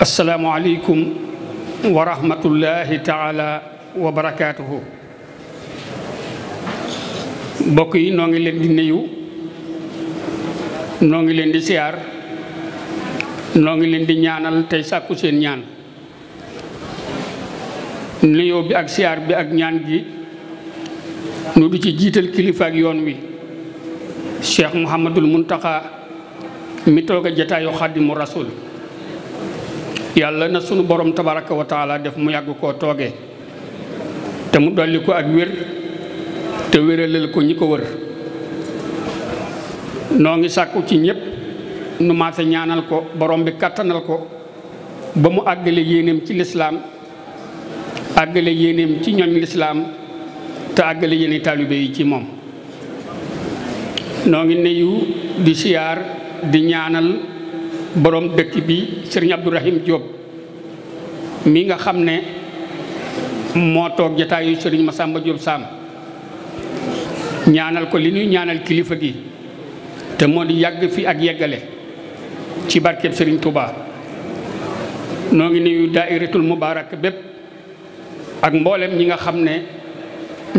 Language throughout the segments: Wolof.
asalaamualeykum wa rahmatullahi taala wa barakaatuhu mbokk yi noo ngi leen di nuyu noo ngi leen di siyaar noo ngi leen di ñaanal tey sàkku seen ñaan nuyoo bi ak siyaar bi ak ñaan gi nu du ci jiital kilifa yoon wi cheikh muhammadul muntaxa mi toog a jataayu xaddimu yàlla na sunu borom tabaraka wa taala def mu yàgg koo tooge te mu dolli ko ak wér te wéralal ko ñi ko wër noo ngi sàkku ci ñépp nu maase ñaanal ko borom bi kàttanal ko ba mu àggale yéenéem ci lislaam àggale yéenéem ci ñoñ lislaam te àggale yéene taalibe yi ci moom noo ngi nuyu di siyaar di ñaanal boroom dëkk bi sëriñ Abdourahim jóob mii nga xam ne moo toog jataayu sëriñ sàmba Diop Sam ñaanal ko li ñuy ñaanal kilifa gi te moo di yàgg fi ak yeggale ci barkeb sëriñ Touba noo ngi nuyu daayiratul mubaarak bépp ak mboolem ñi nga xam ne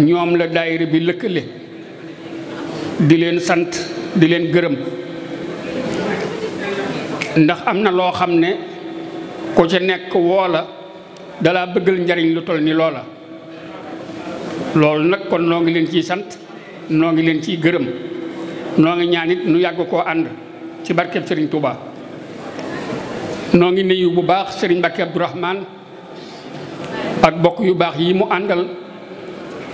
ñoom la daayira bi lëkkale di leen sant di leen gërëm ndax am na loo xam ne ku ci nekk woola la dalaa bëggal njariñ lu toll ni loola loolu nag kon noo ngi leen ciy sant noo ngi leen ciy gërëm noo ngi ñaan it nu yàgg koo ànd ci barkeb sëriñ Touba noo ngi nuyu bu baax sëriñ Mbàkke Abdourahman ak bokk yu baax yi mu àndal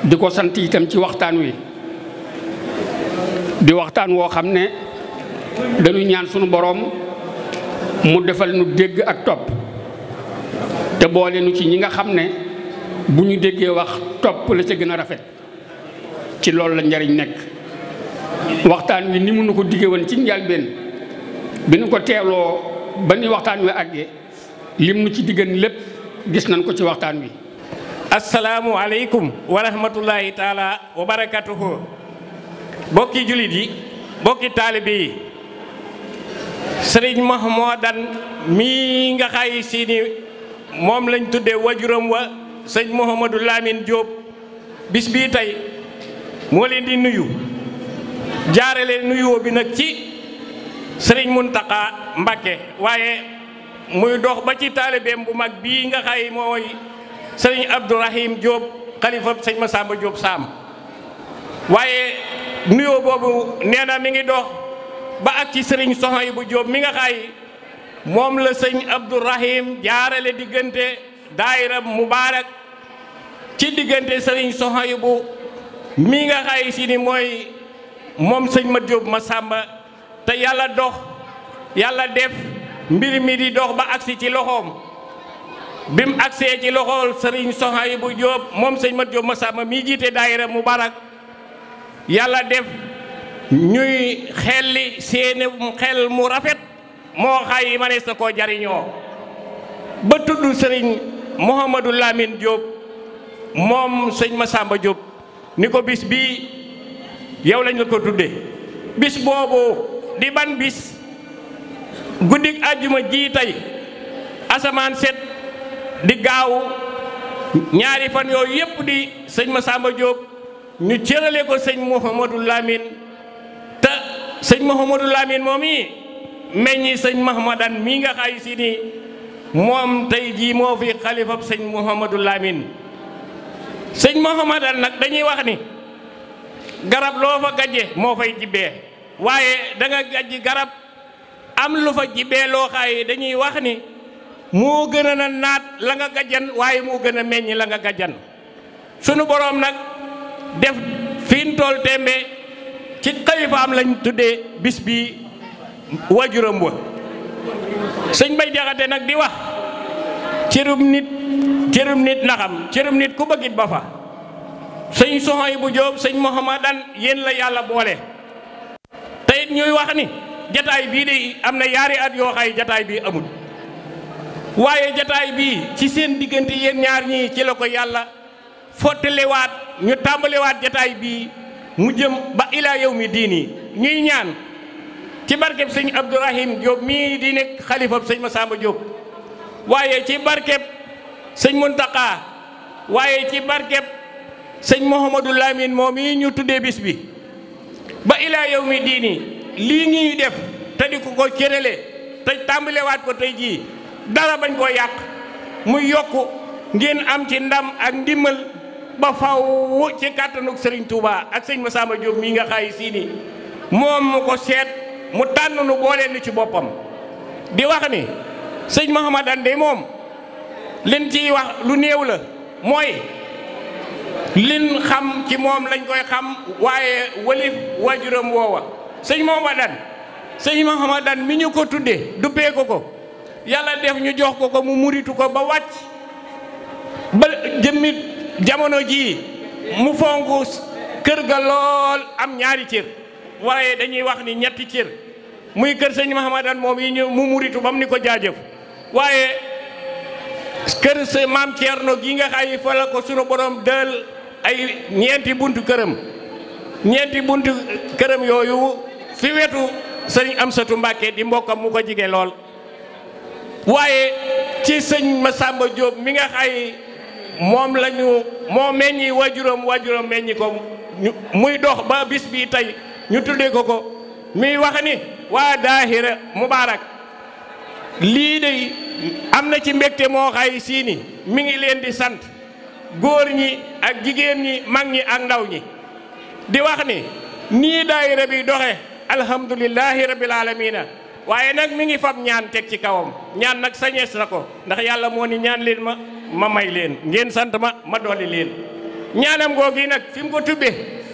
di ko sant itam ci waxtaan wi di waxtaan woo xam ne dañu ñaan sunu boroom mu defal nu dégg ak topp te boole nu ci ñi nga xam ne bu ñu déggee wax topp la ca gën a rafet ci loolu la njariñ nekk waxtaan wi ni mu nu ko digge woon ci njëlbéen bi nu ko teeloo ba ni waxtaan wi àggee lim nu ci diggan lépp gis nañ ko ci waxtaan wi asalaamu aleykum wa rahmatullahi taala wa barakatuhu bokki jullit yi bokki taalibe yi sëriñ Mahmoudan mii nga xay si moom lañ tudde wajuram wa sëñ Mouhamadou lamin Diop bis bii tey moo leen di nuyu jaarale nuyoo bi nag ci sëriñ mun Mountakha Mbacké waaye muy dox ba ci taalibeem bu mag bii nga xay mooy sëriñ Abdourahim Diop xalifa sëñ Massamba Diop Sam waaye nuyoo boobu nee na mi ngi dox ba ak ci sëriñ yi bu jóob mi nga xay moom la sëñ abdourahim jaarale diggante daayira mubaarak ci diggante sëriñ soxoy bu mi nga xay si ni mooy moom sëñ ma jóob ma sàmba te yàlla dox yàlla def mbir mi di dox ba agsi ci loxoom bim agsee ci loxool sëriñ soxoy bu jóob moom sëñ ma jóob ma sàmba mii jiite daayira mubaarak yàlla def ñuy xelli seeni xel mu rafet moo xay ma ne sa koo jariñoo ba tudd sëriñ Mouhamadou Lamine Diop moom sëñ ma sàmba Diop ni ko bis bii yow lañ ko tudde bis boobu di ban bis guddik àjjuma jii tey asamaan set di gaaw ñaari fan yooyu yépp di sëñ Massamba Diop ñu cërale ko sëñ Mouhamadou Lamine sëñ Mouhamadou lamin moom i meññ sëñ Mahmadan mii nga xay si ni moom tey jii moo fi xalifa sëñ Mouhamadou Lamine sëñ Mahmadan nag dañuy wax ni garab loo fa gajje moo fay jibbee waaye danga nga garab am lu fa jibbee loo xay dañuy wax ni moo gën a naat la nga gajjan waaye moo gën a meññ la nga gajjan sunu boroom nag def fiin tool tembe ci xalifaam lañ tuddee bis bi wajuram wa sëñ bay jaxate nag di wax cërum nit cërum nit naxam cërum nit ku bëggit ba fa sëñ soxoy bu jóob sëñ mohamadan yéen la yàlla boole teyit ñuy wax ni jataay bii de am na yaari at yoo xay jataay bii amul waaye jataay bii ci seen diggante yéen ñaar ñii ci la ko yàlla fottalewaat ñu tàmbalewaat jataay bii mu jëm ba ilaa yow mi diini ñuy ñaan ci barkeb sëñ Abdourahim Diop mii di nekk xalifab ma Massamba Diop waaye ci barkeb sëñ Mountakha waaye ci barkeb sëñ Mouhamadou Lamine moom mii ñu tuddee bis bi ba ilaa yow mi diini lii ñuy def te di ko ko cërale te tàmbalewaat ko tey jii dara bañ koo yàq muy yokk ngeen am ci ndam ak ndimmal ba faw ci kàttanuk sëriñ tuuba ak sëñ ma Massamba Diop mii nga xaayi sii nii moom mu ko seet mu tànn nu boole ni ci boppam di wax ni sëñ Mahamadan de moom liñ ciy wax lu néew la mooy liñ xam ci moom lañ koy xam waaye walif waajuram woowa sëñ Mahamadan sëñ Mahamadan mi ñu ko tudde duppee ko ko yàlla def ñu jox ko ko mu muritu ko ba wàcc ba jëmmit jamono jii mu fongu kër ga lool am ñaari cër waaye dañuy wax ni ñetti cër muy kër sëñ Mahamadan moom yi ñu mu muritu bam ni ko jaajëf waaye kër sa maam Thierno gi nga xay fa la ko sunu borom dël ay ñeenti buntu këram ñeenti bunt këram yooyu fi wetu sëñ Amsatu Mbàkke di mbokkam mu ko jige lool waaye ci sëñ Masamba Diop mi nga xay moom la moo meññi waajuram waajuram meññi ko muy dox ba bis bii tey ñu tuddee ko ko muy wax ni waa daahira mubaarak lii de am na ci mbégte moo xay siini mi ngi leen di sant góor ñi ak jigéen ñi mag ñi ak ndaw ñi di wax ni nii daayira bi doxe alhamdulillahi rabbil alamina waaye nag mi ngi fab ñaan teg ci kawam ñaan nag sañees na ko ndax yàlla moo ni ñaan leen ma ma may leen ngeen sant ma ma dolli leen ñaanam googi nag fi mu ko tubbe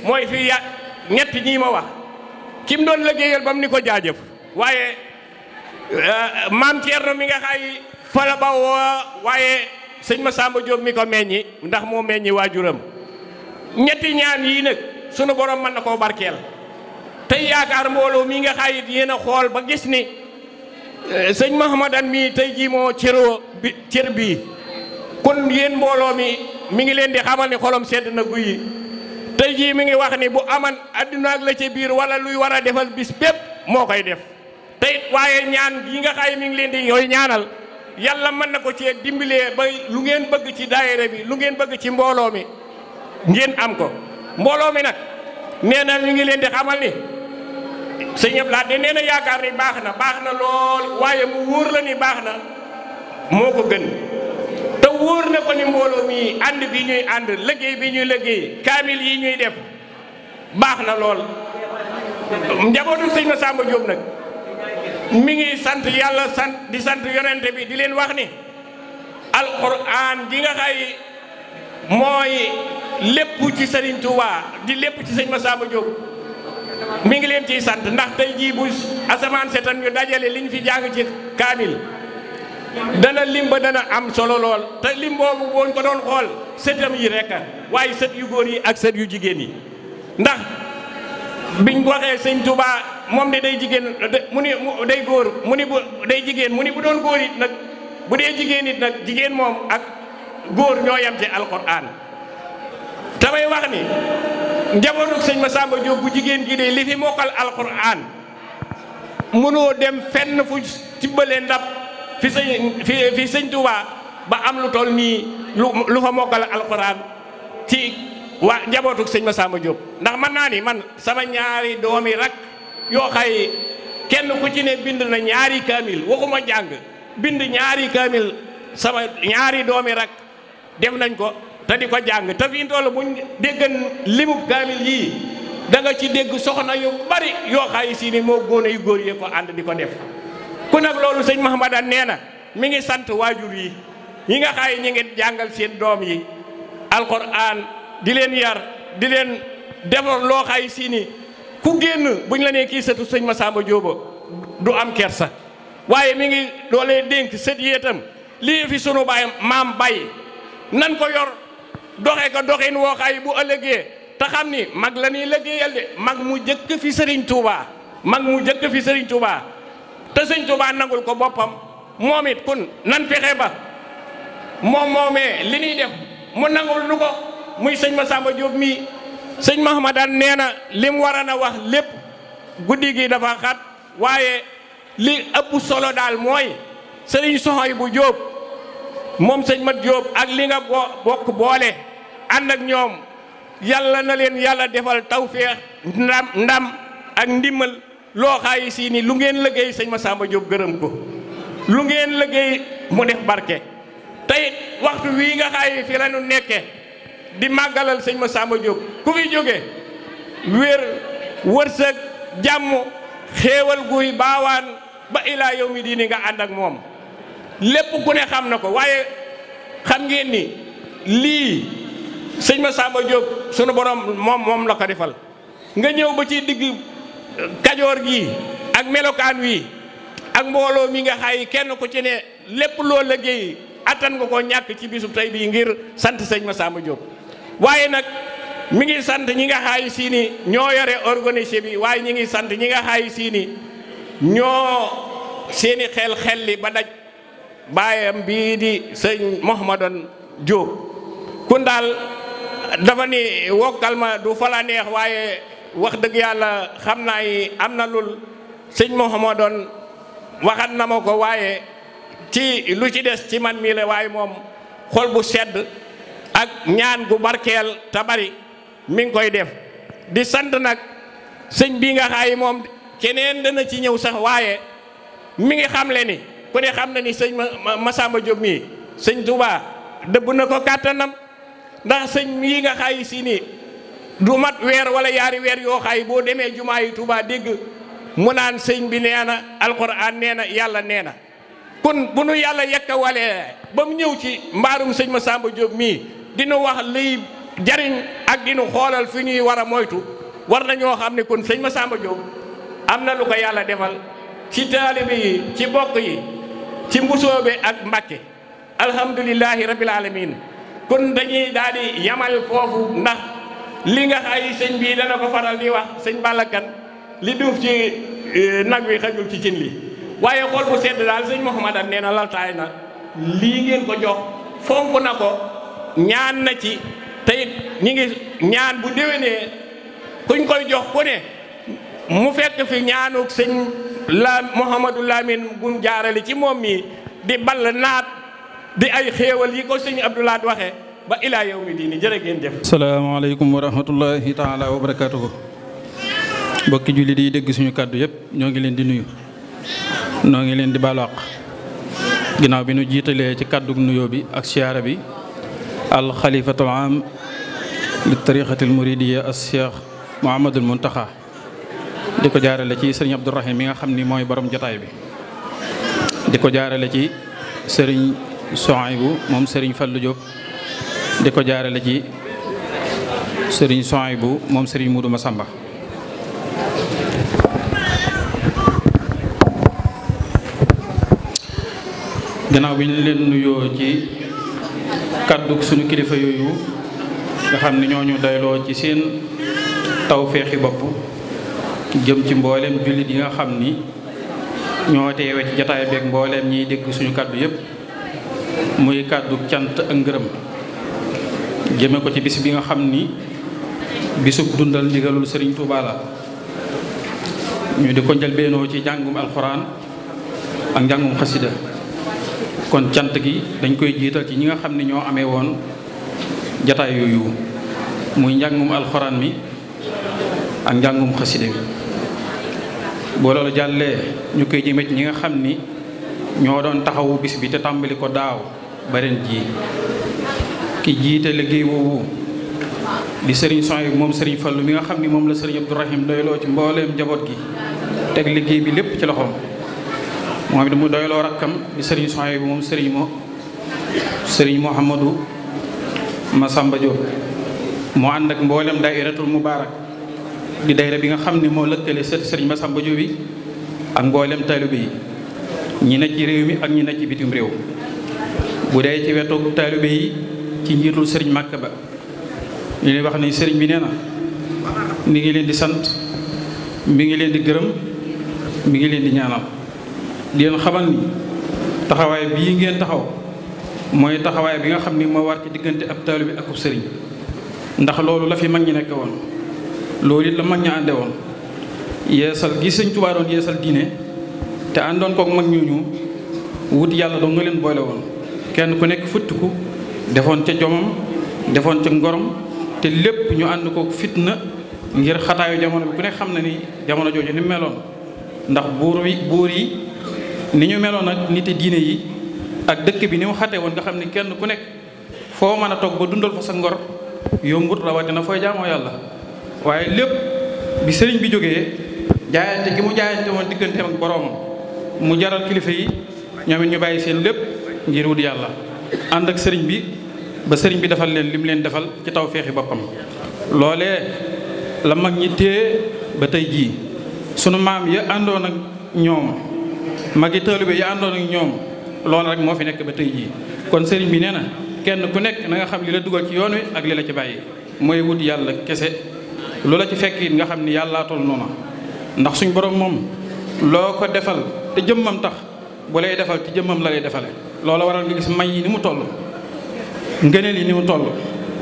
mooy fi ya ñett ñii ma wax ki mu doon liggéeyal ba ni ko jaajëf waaye euh, maam Thierno mi nga xay fala woo waaye sëñ ma Massamba Diop mi ko meññi ndax moo meññi waajuram ñetti ñaan yii nag sunu borom mën na koo barkeel tey yaakaar mbooloo mi nga xayit yéen a xool ba gis ni euh, sëñ Mahamadan mii tey jii moo cëroo bii kon yéen mbooloo mi mi ngi leen di xamal ni xolom sedd na guy yi tey jii mi ngi wax ni bu aman adduna la ca biir wala luy war a defal bis bépp moo koy def tey waaye ñaan yi nga xay mi ngi leen di yooyu ñaanal yàlla mën na ko cee dimbilee ba lu ngeen bëgg ci daayira bi lu ngeen bëgg ci mbooloo mi ngeen am ko mbooloo mi nag nee na ñu ngi leen di xamal ni sëñ Abdou Lahad de nee na yaakaar ni baax na baax na lool waaye mu wóor la ni baax na moo ko gën wóor na ko ni mbooloo mii ànd bi ñuy ànd liggéey bi ñuy liggéey kaamil yi ñuy def baax na lool njabootu sëñ Massamba Diop nag mi ngi sant yàlla sant di sant yonente bi di leen wax ni alquran ji nga xay mooy lépp ci Serigne Touba di lépp ci sëñ ma Massamba Diop mi ngi leen ciy sant ndax tey jii bu asamaan setan ñu dajale liñ fi jàng ci kaamil dana lim ba dana am solo lool te lim boobu boo ko doon xool sëtam yi rek waaye sët yu góor yi ak sët yu jigéen yi ndax biñ waxee sëñ Touba moom de day jigéen mu day góor mu ni bu day jigéen mu ni bu doon góor nag bu dee jigéen it nag jigéen moom ak góor ñoo yem ci alquran damay wax ni njabootu ma sàmba Diop bu jigéen gi de li fi mokkal alquran mënoo dem fenn fu tibbalee ndab fi sëñ fi fi sëñ Touba ba am lu toll nii lu lu fa mokkal alxuraan ci waa njabootuk sëñ Massamba Diop ndax man naa ni man sama ñaari doomi rak yoo xay kenn ku ci ne bind na ñaari kaamil waxuma jàng bind ñaari kaamil sama ñaari doomi rak def nañ ko te di ko jàng te fi toll buñ déggan limub kaamil yii da nga ci dégg soxna yu bari yoo xay si moo góone yu góor yee ko ànd di ko def ku nag loolu sëñ Mahamadan nee na mi ngi sant waajur yi yi nga xaay ñi ngeen jàngal seen doom yi alquran di leen yar di leen defar loo xaay si ni ku génn buñ la nee kii sëtu sëñ ma saamba Jóoba du am kersa waaye mi ngi doolee dénk sët yéetam lii fi sunu baay maam bay nan ko yor doxe ko doxin woo xaay bu ëllëgee te xam ni mag la ñuy liggéeyal de mag mu jëkk fi sëriñ Touba mag mu jëkk fi sëriñ Touba te sëñ Tuubaa nangul ko boppam moom it kun nan fexe ba moom moomee li ñuy def mu nangul nu ko muy sëñ ma sàmba jóob mii sëñ ma Mahamadan nee na lim waroon a wax lépp guddi gi dafa xat waaye li ëpp solo daal mooy sëriñ soxoy bu jóob moom sëñ Mat Diop ak li nga bokk boole ànd ak ñoom yàlla na leen yàlla defal tawféex ndam ndam ak ndimbal loo xaayi sii nii lu ngeen liggéey sëñ Massamba Diop gërëm ko lu ngeen liggéey mu def barke tey waxtu wii nga xaayi fi la ñu nekke di màggalal sëñ ma sàmba Diop ku fi jóge wér wërsëg jàmm xéewal guy baawaan ba ilaa yow mi diini nga ànd ak moom lépp ku ne xam na ko waaye xam ngeen ni lii sëñ ma Massamba Diop sunu borom moom moom la ko defal nga ñëw ba ci digg kajoor gi ak melokaan wi ak mbooloo mi nga xay kenn ku ci ne lépp loo liggéey attan nga ko ñàkk ci bisub tey bi ngir sant sëñ Massamba Diop waaye nag mi ngi sant ñi nga xay sii ñoo yore organisé bi waaye ñi ngi sant ñi nga xay sii ni ñoo seeni xel xel li ba daj baayam bii di sëñ Mouhamadou Diop kun daal dafa ni wokkal ma du fa la neex waaye wax dëgg yàlla xam naa yi am na lul sëñ Mouhamadou waxat na ma ko waaye ci lu ci des ci man mii la waaye moom xol bu sedd ak ñaan gu barkeel te bari mi ngi koy def di sant nag sëñ bi nga xaayi moom keneen dana ci ñëw sax waaye mi ngi xam le ni ku ne xam na ni sëñ Masamba Diop mii sëñ Touba dëbb na ko kàttanam ndax sëñ yi nga xaayi si nii du mat weer wala yaari weer yoo xaay boo demee jumaa yi Tuubaa dégg mu naan sëñ bi nee na alxuraan nee na yàlla nee na kon bu nu yàlla yekka walee ba mu ñëw ci mbaarum sëñ ma sàmba Diop mii dinu wax liy jariñ ak dinu xoolal fu ñuy war a moytu war na ñoo xam ne kon sëñ ma sàmba Diop am na lu ko yàlla defal ci taalibe ci bokk yi ci mbusoobe ak mbàkke alhamdulillahi rabbil alamin kon dañuy daal yamal foofu ndax li nga xay sëñ bii dana ko faral di wax sëñ bàllakan li duuf ci eh, nag wi xajul ci cin li waaye xool bu sedd daal sëñ Mouhamadane nee na laltaay na lii ko jox fonk na ko ñaan na ci teyit ñi ngi ñaan bu déwénee kuñ koy jox ku ne mu fekk fi ñaanuk sëñ la Mouhamadou Lamine bu ci moom mi di ball naat di ay xéewal yi ko sëñ Abdoulaye waxe ba ilaa yawmi diini jërë ngeen jëf. salaamaaleykum wa rahmatullahi taala wa barakaatuhu. mbokki jullit yi dégg suñu kàddu yëpp ñoo ngi leen di nuyu. ñoo ngi leen di baalu ginnaaw bi nu jiitalee ci kàddu nuyoo bi ak siyaara bi al xalifatul am li tariqatil muridiya as cheikh Muntaxa di ko jaarale ci sëriñ Abdourahim mi nga xam ni mooy boroom jotaay bi. di ko jaarale ci sëriñ Sohaybu moom sëriñ Fallou Diop di ko jaarale ci sëriñ son bu moom sëriñ Muudu Masamba gannaaw bi ñu leen nuyoo ci kàddu suñu kilifa yooyu nga xam ñoo ñu dayloo ci seen tawféexi bopp jëm ci mboolem jullit yi nga xam ni ñoo teewe ci jataay beeg mbooleem ñiy dégg suñu kàddu yépp muy kàddu cant ak ngërëm jëme ko ci bis bi nga xam ni bisub dundal ndigalul sëriñ Tuuba la ñu di ko njëlbeenoo ci njàngum alxuraan ak njàngum xasida kon cant gi dañ koy jiital ci ñi nga xam ni ñoo amee woon jataay yooyu muy njàngum alxuraan mi ak njàngum xasida mi boo loolu jàllee ñu koy jëme ci ñi nga xam ni ñoo doon taxawu bis bi te tàmbali ko daaw ba ren jii ki jiite liggéey woowu di Serigne Soy moom Serigne Fallou bi nga xam ni moom la Serigne Abdourahim doyloo ci mbooleem njaboot gi teg liggéey bi lépp ci loxoom moom it mu doyloo rakkam di sëriñ Soy bi moom Serigne mo Serigne Mouhamadou Massamba Diop mu ànd ak mboolem daayiratul Mubaarak di daayira bi nga xam ni moo lëkkale sëriñ Serigne Massamba Diop yi ak mboolem taalibe yi ñi ne ci réew mi ak ñi ne ci bitim réew bu dee ci wetu taalibe yi ci njiitul sëriñ Màkka ba ñu leen wax ni sëriñ bi nee na mi ngi leen di sant mi ngi leen di gërëm mi ngi leen di ñaanam di leen xamal ni taxawaay bii ngeen taxaw mooy taxawaay bi nga xam ni moo war ci diggante ab taalibe bi ak ub sëriñ ndax loolu la fi mag ñi nekk woon loolu it la mag ñi ànde woon yeesal gi sëñ Tuubaa doon yeesal diine te àndoon kook mag ñu wut yàlla doo nga leen boole woon kenn ku nekk futtiku defoon ca jomam defoon ca ngorom te lépp ñu ànd ko fitna ngir xataayu jamono bi ku ne xam na ni jamono jooju ni meloon ndax buur yi buur yi ni ñu meloon ak nit diine yi ak dëkk bi ni mu xatee woon nga xam ni kenn ku nekk foo mën a toog ba dundal fa sa ngor yombut na fooy jaamoo yàlla waaye lépp bi sëriñ bi jógee jaayante gi mu jaayante woon digganteem ak boroomam mu jaral kilifa yi ñoom ñu bàyyi seen lépp ngir wut yàlla ànd ak sëriñ bi ba sëriñ bi defal leen li mu leen defal ci taw feexi boppam loolee la mag ñi tée ba tey jii sunu maam ya àndoon ak ñoom magi bi ya àndoon ak ñoom loolu rek moo fi nekk ba tey jii kon sëriñ bi nee na kenn ku nekk na nga xam li la dugal ci yoon wi ak li la ci bàyyi mooy wut yàlla kese lu la ci fekk nga xam ni yàllaa toll noonu ndax suñ borom moom loo ko defal te jëmmam tax bu lay defal ci jëmmam la lay defale loola waral nga gis may yi mu toll ngëneel yi ni mu toll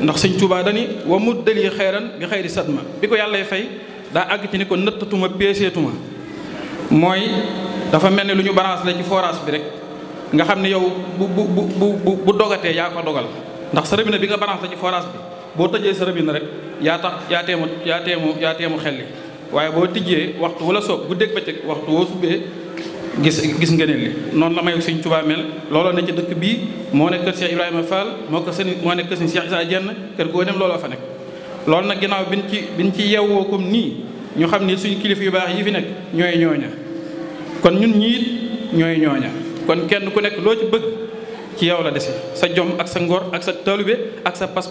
ndax sëñ Tuubaa dani wa muddali xeeran bi xayri sadma bi ko yàllay fay daa àgg ci ni ko nëttatuma peeseetuma mooy dafa mel ne lu ñu balance la ci forage bi rek nga xam ne yow bu bu bu bu dogatee yaa ko dogal ndax sa robinet bi nga balance la ci forage bi boo tëjee sa robinet rek yaa tax yaa teemu yaa teemu yaa teemu xel li waaye boo tijjee waxtu wala soog bu dégg waxtu woo subbee gis gis ngëneel li noonu la mayu Sëñ Tuubaa mel looloo ne ci dëkk bii moo nekk kër Cheikh Ibrahima Fall moo ko sëñ moo nekk kër sëñ Cheikh Issa Diène kër goo dem looloo fa nekk loolu nag ginnaaw biñ ci biñ ci yeewoo comme nii ñu xam ni suñ kilifa yu baax yi fi nekk ñooy ñooña kon ñun ñiit ñooy ñooña kon kenn ku nekk loo ci ci yow la dese sa jom ak sa ngor ak sa taalube ak sa pas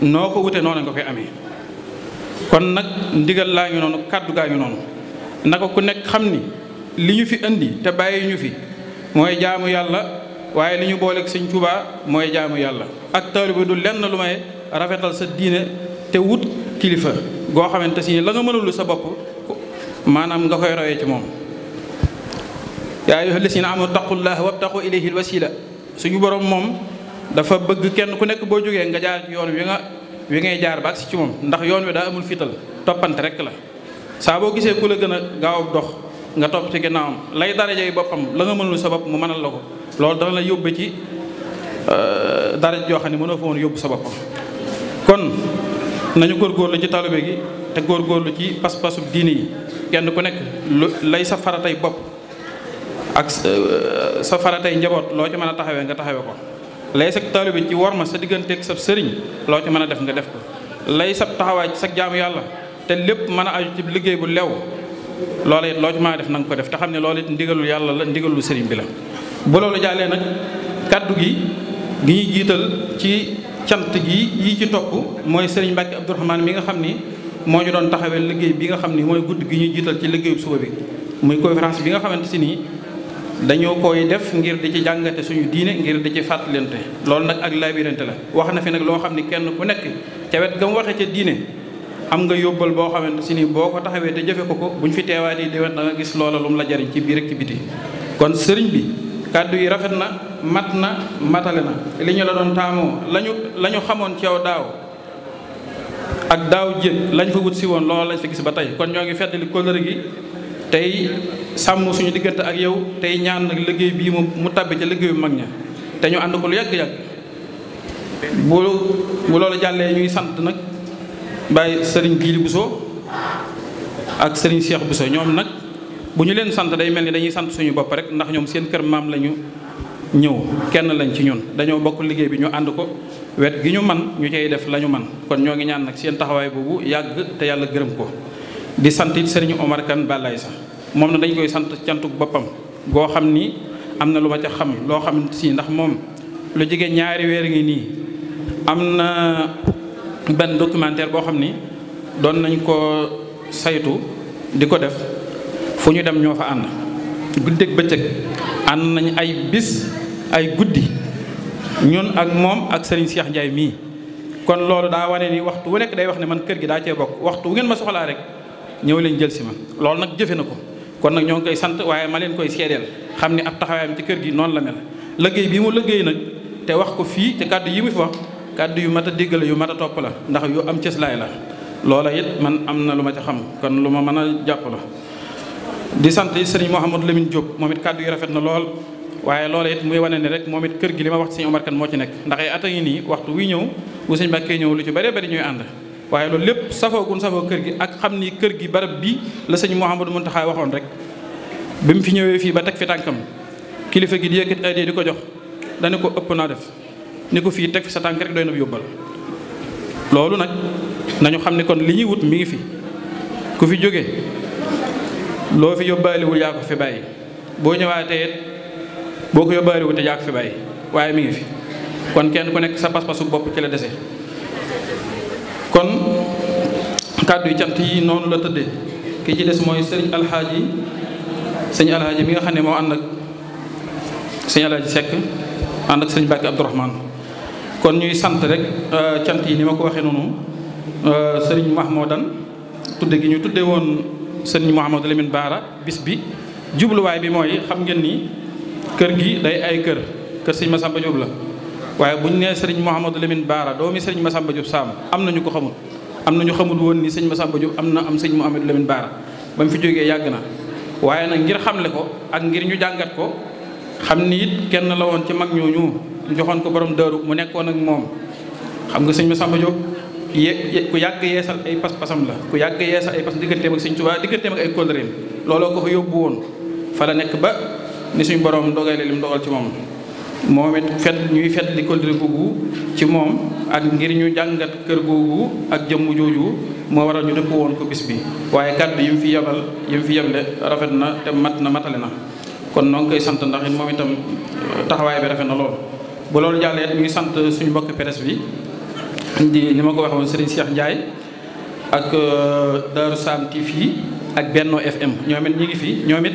noo ko wute noonu nga koy amee kon nag ndigal laa ngi noonu kàddu noonu na ku nekk xam ni li ñu fi indi te bàyyi ñu fi mooy jaamu yàlla waaye li ñu booleeg sëñ Tuuba mooy jaamu yàlla ak taalibe du lenn lu may rafetal sa diine te wut kilifa goo xamante si la nga mënulu sa bopp maanaam nga koy royee ci moom yaa ayyuha llazina amanu taxu wabtaqu ilayhi alwasila suñu borom moom dafa bëgg kenn ku nekk boo jógee nga jaar yoon wi nga wi ngay jaar ba agsi ci moom ndax yoon wi daa amul fital toppante rek la saa boo gisee ku la gën a gaaw dox nga topp ci ginnaawam lay daraja yi boppam la nga mënul sa bopp mu mënal la ko loolu dana lay yóbbee ci euh, daraja joo xam ne mënoo fa woon yóbbu sa boppam kon nañu góor góorgóorlu ci talube gi te góor góorgóorlu ci pas-pasu diini yi kenn ku nekk lu lay sa faratay bopp ak euh, sa faratay njaboot loo ci mën a taxawee nga taxawee ko lay sa talube ci worma sa digganteeg sa sëriñ loo ci mën a def nga def lay sa taxawaay ci sa jaamu yàlla te lépp mën a aju ci liggéey bu lew loola it loo ci maa def na nga ko def te xam ne loola it ndigalul yàlla la ndigalul sëriñ bi la bu loolu jàllee nag kaddu gi gi ñuy jiital ci cant gi yi ci topp mooy sëriñ Mbàkke Abdourahmane mi nga xam ni moo ñu doon taxawee liggéey bi nga xam ni mooy gudd gi ñuy jiital ci liggéeyu suba bi muy conférence bi nga xamante si nii dañoo koy def ngir di ci jàngate suñu diine ngir di ci fàttalante loolu nag ak laabirante la wax na fi nag loo xam ni kenn ku nekk ca ga mu waxee ca diine am nga yóbbal boo xamante si ni boo ko taxawee te jëfe ko ko buñ fi teewaatee déwén da nga gis loola lu mu la jariñ ci biir ak ci biti kon sëriñ bi kàddu yi rafet na mat na matale na li ñu la doon taamoo lañu la ñu xamoon ci yow daaw ak daaw jéeg lañ fa wut si woon loolu lañ fa gis ba tey kon ñoo ngi feddali kóllëre gi tey sàmm suñu diggante ak yow tey ñaan liggéey bii mu mu tàbbi ca liggéeyu mag ña te ñu ànd ko lu yàgg-yàgg bu bu loolu jàllee ñuy sant Baye Serigne Gili Bousso ak Serigne Cheikh Bousso ñoom nag bu ñu leen sant day mel ni dañuy sant suñu bopp rek ndax ñoom seen kër maam lañu ñëw kenn lañ ci ñun dañoo bokk liggéey bi ñu ànd ko wet gi ñu man ñu cay def la ñu man kon ñoo ngi ñaan nag seen taxawaay boobu yàgg te yàlla gërëm ko di sant it Serigne Omar Kane Balaye sax moom na dañ koy sant cantuk boppam goo xam ni am na lu ma xam loo xam si ndax moom lu jege ñaari weer ngi nii am na benn documentaire boo xam ni doon nañ ko saytu di ko def fu ñu dem ñoo fa ànd guddeeg bëccëg ànd nañ ay bis ay guddi ñun ak moom ak Serigne Cheikh Ndiaye mii kon loolu daa wane ni waxtu wu nekk day wax ne man kër gi daa cee bokk waxtu wu ngeen ma soxlaa rek ñëw leen jël si ma loolu nag jëfe na ko kon nag ñoo ngi koy sant waaye ma leen koy seedeel xam ne ab taxawaayam ci kër gi noonu la mel liggéey bi mu liggéey nag te wax ko fii te kàddu yi mu fi wax kàddu yu mat a dégg la yu mat a topp la ndax yu am cëslaay la loola it man am na lu ma ci xam kon lu ma mën a jàpp la di sant sëriñ Mouhamadou Lamine Diop moom it kàddu yi rafet na lool waaye loola it muy wane ne rek moom it kër gi li ma wax sëriñ Omar Kane moo ci nekk ndax ay at a nii waxtu wi ñëw bu sëriñ Mbàkke ñëw lu ci bëree bëri ñuy ànd waaye loolu lépp safoo gun safoo kër gi ak xam ni kër gi barab bi la sëñ Mouhamadou Mountakha waxoon rek bi mu fi ñëwee fii ba teg fi tànkam kilifa gi di di ko jox dana ko ëpp naa def ni ko fii teg fi sa tànk rek doy na yóbbal loolu nag nañu xam ne kon li ñuy wut mi ngi fi ku fi jóge loo fi yóbbaaliwul yaa ko fi bàyyi boo ñëwaatee boo ko yóbbaaliwul te yaa ko fi bàyyi waaye mi ngi fi kon kenn ku nekk sa pas-pasu bopp ci la dese kon kàddu yi cant noonu la tëddee ki ci des mooy sëriñ alxaaji sëñ alxaaji mi nga xam ne moo ànd ak sëñ alxaaji sekk ànd ak sëñ bàkki abdourahman kon ñuy sant rek euh, cant yi ni ma ko waxee noonu euh, sëriñ Mahmoudan tudde gi ñu tudde woon sëriñ Mouhamadou Lamine Baara bis bi jubluwaay bi mooy xam ngeen ni kër gi day ay kër kër sëriñ Massamba Diop la waaye bu nee sëriñ Mouhamadou Lamine Baara doomi sëriñ Massamba Diop saam am na ñu ko xamul am na ñu xamul woon ni sëriñ Massamba Diop am na am sëriñ Mouhamadou Lamine Baara ba mu fi jógee yàgg na waaye nag ngir xamle ko ak ngir ñu jàngat ko xam ni it kenn la woon ci mag ñooñu joxoon ko borom dëru mu nekkoon ak moom xam nga sëñ Massamba Diop ye ku yàgg yeesal ay pas-pasam la ku yàgg yeesal ay pas digganteem ak sëñ Tuubaa digganteem ak ay kóllëreem looloo ko fa yóbbu woon fa la nekk ba ni suñu borom ndogalee lim dogal ci moom moom it fet ñuy fet di kóllëre googu ci moom ak ngir ñu jàngat kër googu ak jëmm jooju moo waral ñu dëpp woon ko bis bi waaye kàddu yi mu fi yebal yi mu fi yeble rafet na te mat na matale na kon noo ngi sant ndax it moom itam taxawaay bi rafet na lool bu loolu jàllee ñuy sant suñu mbokk presse bi di ni ma ko waxoon Serigne Cheikh Ndiaye ak euh, Darou Sam TV ak Benno FM ñoom it ñi ngi fi ñoom it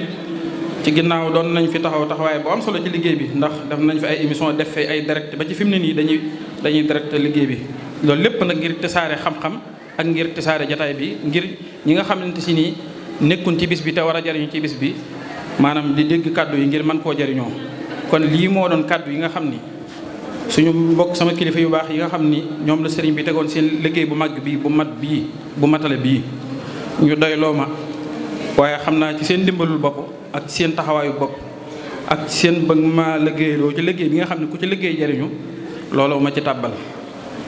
ci ginnaaw doon nañ fi taxaw taxawaay bu am solo ci liggéey bi ndax def nañ fi ay émission def fi ay direct ba ci fi mu ne nii dañuy dañuy direct liggéey bi loolu lépp nag ngir tasaare xam-xam ak ngir tasaare jataay bi ngir ñi nga xamante si nii nekkuñ ci bis bi te war a jariñu ci bis bi maanaam di dégg kàddu yi ngir mën koo jariñoo kon kàddu yi nga xam ni suñu mbokk sama kilifa yu baax yi nga xam ni ñoom la sëriñ bi tegoon seen liggéey bu mag bii bu mat bii bu matale bii ñu doyloo ma waaye xam naa ci seen dimbalul bopp ak seen taxawaayu bopp ak seen bëgg ma liggéeyloo ci liggéey bi nga xam ne ku ci liggéey jariñu looloo ma ci tàbbal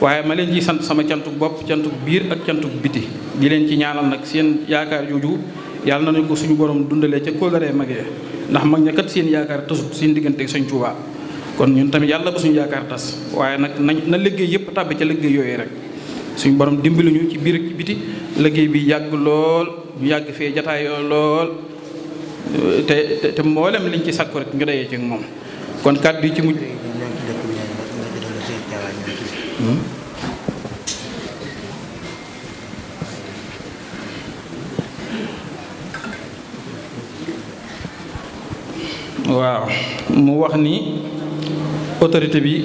waaye ma leen ji sant sama cantuk bopp cantuk biir ak cantuk biti di leen ci ñaanal nag seen yaakaar jooju yàlla nañu ko suñu borom dundalee ca kóolare magee ndax mag ña kat seen yaakaar tësut seen digganteeg sëñ Tuubaa kon ñun tamit yàlla ba suñu yaakaar tas waaye nag nañ na liggéey yépp tàbbi ca liggéey yooyu rek suñu borom dimbali ñu ci biir ci biti liggéey bi yàgg lool ñu yàgg fee jataayoo lool te te mboolem liñ ci sàkku rek ñu dayee ci moom kon kàddu bi ci mujj hmm? waaw mu wax ni autorité bi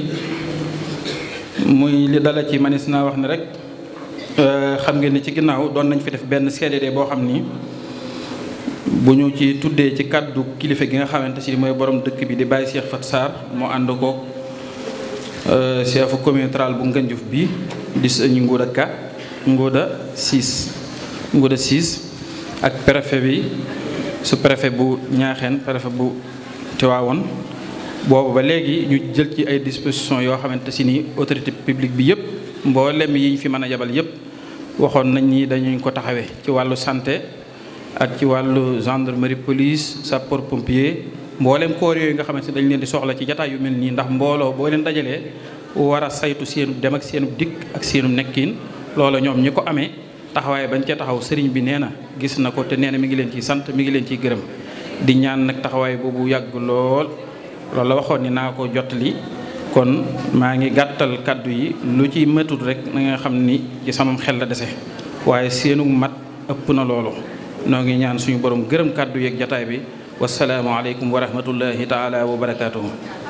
muy li dala ci manis naa wax ni rek euh, xam nga ni ci ginnaaw doon nañ fi def benn CDD boo xam ni bu ñu ci tuddee ci kàddu kilifa gi nga xamante si mooy borom dëkk bi di bàyyi Cheikh Fat Sarr moo ànd ko euh, chefu commune rural bu Nganjuf bi di sëñ Ngouda Ka Ngouda 6 Ngouda 6 ak préfet bi su préfet bu Ñaaxeen préfet bu Tiwaawoon boobu ba léegi ñu jël ci ay dispositions yoo xamante si ni autorité publique bi yëpp mboolem yi ñu fi mën a yabal yëpp waxoon nañ ni dañuñ ko taxawee ci wàllu santé ak ci wàllu gendarmerie police sapeur pompier mboolem koor yooyu nga xamante ni dañ leen di soxla ci jataay yu mel nii ndax mbooloo boo leen dajalee war a saytu seenu dem ak seenu dikk ak seenu nekkin loolu ñoom ñi ko amee taxawaay bañ ca taxaw sëriñ bi nee na gis na ko te nee na mi ngi leen ciy sant mi ngi leen ciy gërëm di ñaan nag taxawaay boobu yàgg lool. loolu la waxoon ni naa ko jottali kon maa ngi gàttal kàddu yi lu ci matut rek na nga xam ni ci sama xel la dese waaye seenu mat ëpp na loolu noo ngi ñaan suñu borom gërëm kàddu yeeg jataay bi wasalaamu aleykum wa rahmatullahi taala wa barakaatuhu